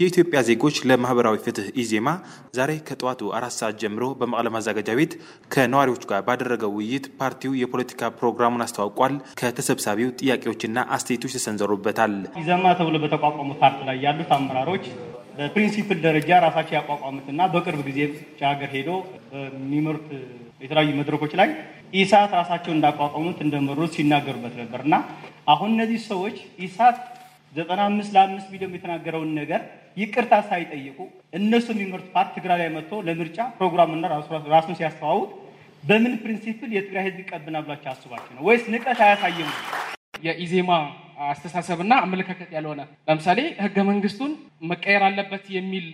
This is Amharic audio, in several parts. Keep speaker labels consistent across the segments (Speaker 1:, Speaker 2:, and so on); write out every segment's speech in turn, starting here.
Speaker 1: የኢትዮጵያ ዜጎች ለማህበራዊ ፍትህ ኢዜማ ዛሬ ከጠዋቱ አራት ሰዓት ጀምሮ በመቀለ ማዘጋጃ ቤት ከነዋሪዎች ጋር ባደረገው ውይይት ፓርቲው የፖለቲካ ፕሮግራሙን አስተዋውቋል። ከተሰብሳቢው ጥያቄዎችና አስተያየቶች ተሰንዘሩበታል።
Speaker 2: ኢዜማ ተብሎ በተቋቋሙ ፓርቲ ላይ ያሉት አመራሮች በፕሪንሲፕል ደረጃ ራሳቸው ያቋቋሙትና በቅርብ ጊዜ ውጭ ሀገር ሄዶ በሚመሩት የተለያዩ መድረኮች ላይ ኢሳት ራሳቸው እንዳቋቋሙት እንደመሩት ሲናገሩበት ነበር እና አሁን እነዚህ ሰዎች ኢሳት ዘጠና አምስት ለአምስት ሚሊዮን የተናገረውን ነገር ይቅርታ ሳይጠይቁ እነሱ የሚመርጡ ፓርቲ ትግራይ ላይ መጥቶ ለምርጫ ፕሮግራሙና ራሱን ሲያስተዋውቅ በምን ፕሪንሲፕል የትግራይ ህዝብ ይቀብና ብላቸው አስባቸው ነው ወይስ ንቀት አያሳይም? የኢዜማ አስተሳሰብና አመለካከት ያልሆነ ለምሳሌ ህገ መንግስቱን መቀየር አለበት የሚል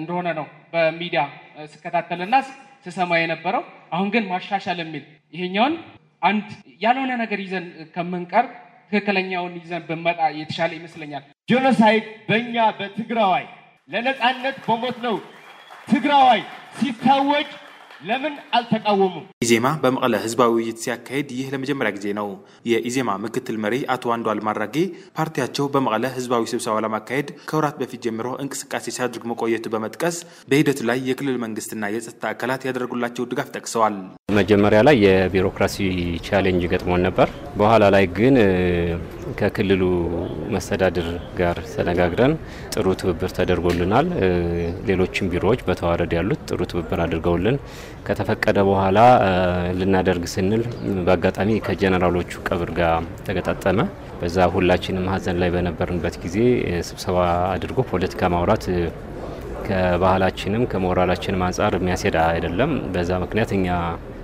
Speaker 2: እንደሆነ ነው በሚዲያ ስከታተልና ስሰማ የነበረው። አሁን ግን ማሻሻል የሚል ይሄኛውን አንድ ያልሆነ ነገር ይዘን ከምንቀርብ ትክክለኛውን ይዘን ብመጣ የተሻለ ይመስለኛል። ጄኖሳይድ በእኛ በትግራዋይ ለነፃነት በሞት ነው ትግራዋይ ሲታወጅ ለምን አልተቃወሙም?
Speaker 1: ኢዜማ በመቀለ ህዝባዊ ውይይት ሲያካሄድ ይህ ለመጀመሪያ ጊዜ ነው። የኢዜማ ምክትል መሪ አቶ አንዷል ማራጌ ፓርቲያቸው በመቀለ ህዝባዊ ስብሰባ ለማካሄድ ከወራት በፊት ጀምሮ እንቅስቃሴ ሲያድርግ መቆየቱ በመጥቀስ በሂደቱ ላይ የክልል መንግስትና የጸጥታ አካላት ያደረጉላቸው ድጋፍ ጠቅሰዋል።
Speaker 3: መጀመሪያ ላይ የቢሮክራሲ ቻሌንጅ ገጥሞን ነበር። በኋላ ላይ ግን ከክልሉ መስተዳድር ጋር ተነጋግረን ጥሩ ትብብር ተደርጎልናል። ሌሎችም ቢሮዎች በተዋረድ ያሉት ጥሩ ትብብር አድርገውልን ከተፈቀደ በኋላ ልናደርግ ስንል በአጋጣሚ ከጀነራሎቹ ቀብር ጋር ተገጣጠመ። በዛ ሁላችንም ሀዘን ላይ በነበርንበት ጊዜ ስብሰባ አድርጎ ፖለቲካ ማውራት ከባህላችንም ከሞራላችንም አንጻር የሚያስሄድ አይደለም። በዛ ምክንያት እኛ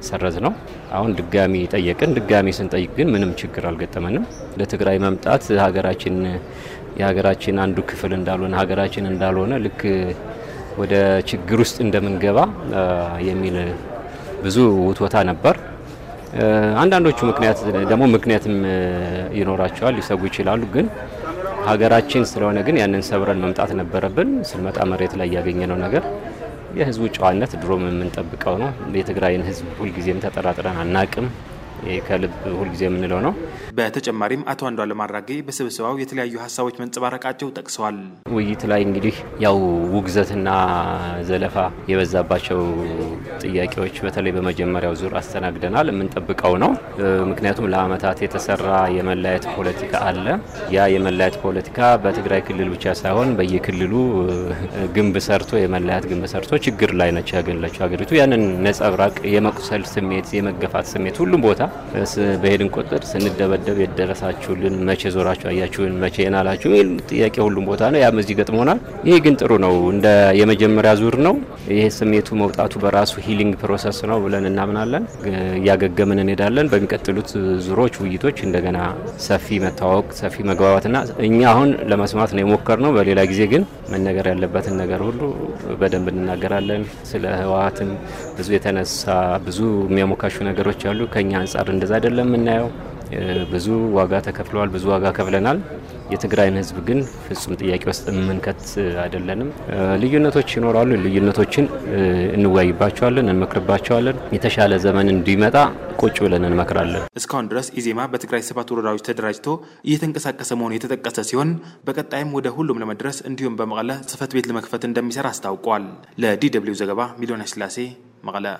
Speaker 3: ሰረዝ ነው። አሁን ድጋሚ ጠየቅን። ድጋሚ ስንጠይቅ ግን ምንም ችግር አልገጠመንም። ለትግራይ መምጣት ሀገራችን የሀገራችን አንዱ ክፍል እንዳልሆነ ሀገራችን እንዳልሆነ ልክ ወደ ችግር ውስጥ እንደምንገባ የሚል ብዙ ውትወታ ነበር። አንዳንዶቹ ምክንያት ደግሞ ምክንያትም ይኖራቸዋል፣ ሊሰጉ ይችላሉ ግን ሀገራችን ስለሆነ ግን ያንን ሰብረን መምጣት ነበረብን። ስንመጣ መሬት ላይ ያገኘነው ነገር የህዝቡ ጨዋነት ድሮም የምንጠብቀው ነው። የትግራይን ህዝብ ሁልጊዜም ተጠራጥረን አናቅም። ከልብ ሁልጊዜ የምንለው ነው። በተጨማሪም
Speaker 1: አቶ አንዷለም አራጌ በስብሰባው የተለያዩ ሀሳቦች መንጸባረቃቸው ጠቅሰዋል።
Speaker 3: ውይይት ላይ እንግዲህ ያው ውግዘትና ዘለፋ የበዛባቸው ጥያቄዎች በተለይ በመጀመሪያው ዙር አስተናግደናል። የምንጠብቀው ነው። ምክንያቱም ለአመታት የተሰራ የመለያየት ፖለቲካ አለ። ያ የመለያየት ፖለቲካ በትግራይ ክልል ብቻ ሳይሆን በየክልሉ ግንብ ሰርቶ የመለያየት ግንብ ሰርቶ ችግር ላይ ነች ያገለችው ሀገሪቱ። ያንን ነጸብራቅ የመቁሰል ስሜት የመገፋት ስሜት ሁሉም ቦታ በሄድን ቁጥር ስንደበደብ የደረሳችሁልን መቼ ዞራችሁ አያችሁን መቼ ናላችሁ የሚል ጥያቄ ሁሉም ቦታ ነው። ያም እዚህ ገጥሞናል። ይህ ግን ጥሩ ነው። እንደ የመጀመሪያ ዙር ነው። ይሄ ስሜቱ መውጣቱ በራሱ ሂሊንግ ፕሮሰስ ነው ብለን እናምናለን። እያገገምን እንሄዳለን። በሚቀጥሉት ዙሮች ውይይቶች እንደገና ሰፊ መታወቅ፣ ሰፊ መግባባትና እኛ አሁን ለመስማት ነው የሞከር ነው። በሌላ ጊዜ ግን መነገር ያለበትን ነገር ሁሉ በደንብ እንናገራለን። ስለ ህወሓትም ብዙ የተነሳ ብዙ የሚያሞካሹ ነገሮች አሉ ከኛ አንጻር እንደዛ አይደለም የምናየው። ብዙ ዋጋ ተከፍለዋል፣ ብዙ ዋጋ ከፍለናል። የትግራይን ህዝብ ግን ፍጹም ጥያቄ ውስጥ የምንከት አይደለንም። ልዩነቶች ይኖራሉ። ልዩነቶችን እንወያይባቸዋለን፣ እንመክርባቸዋለን። የተሻለ ዘመን እንዲመጣ ቁጭ ብለን እንመክራለን።
Speaker 1: እስካሁን ድረስ ኢዜማ በትግራይ ሰባት ወረዳዎች ተደራጅቶ እየተንቀሳቀሰ መሆኑ የተጠቀሰ ሲሆን በቀጣይም ወደ ሁሉም ለመድረስ እንዲሁም በመቀለ ጽህፈት ቤት ለመክፈት እንደሚሰራ አስታውቋል። ለዲ ደብልዩ ዘገባ ሚሊዮን ስላሴ መቀለ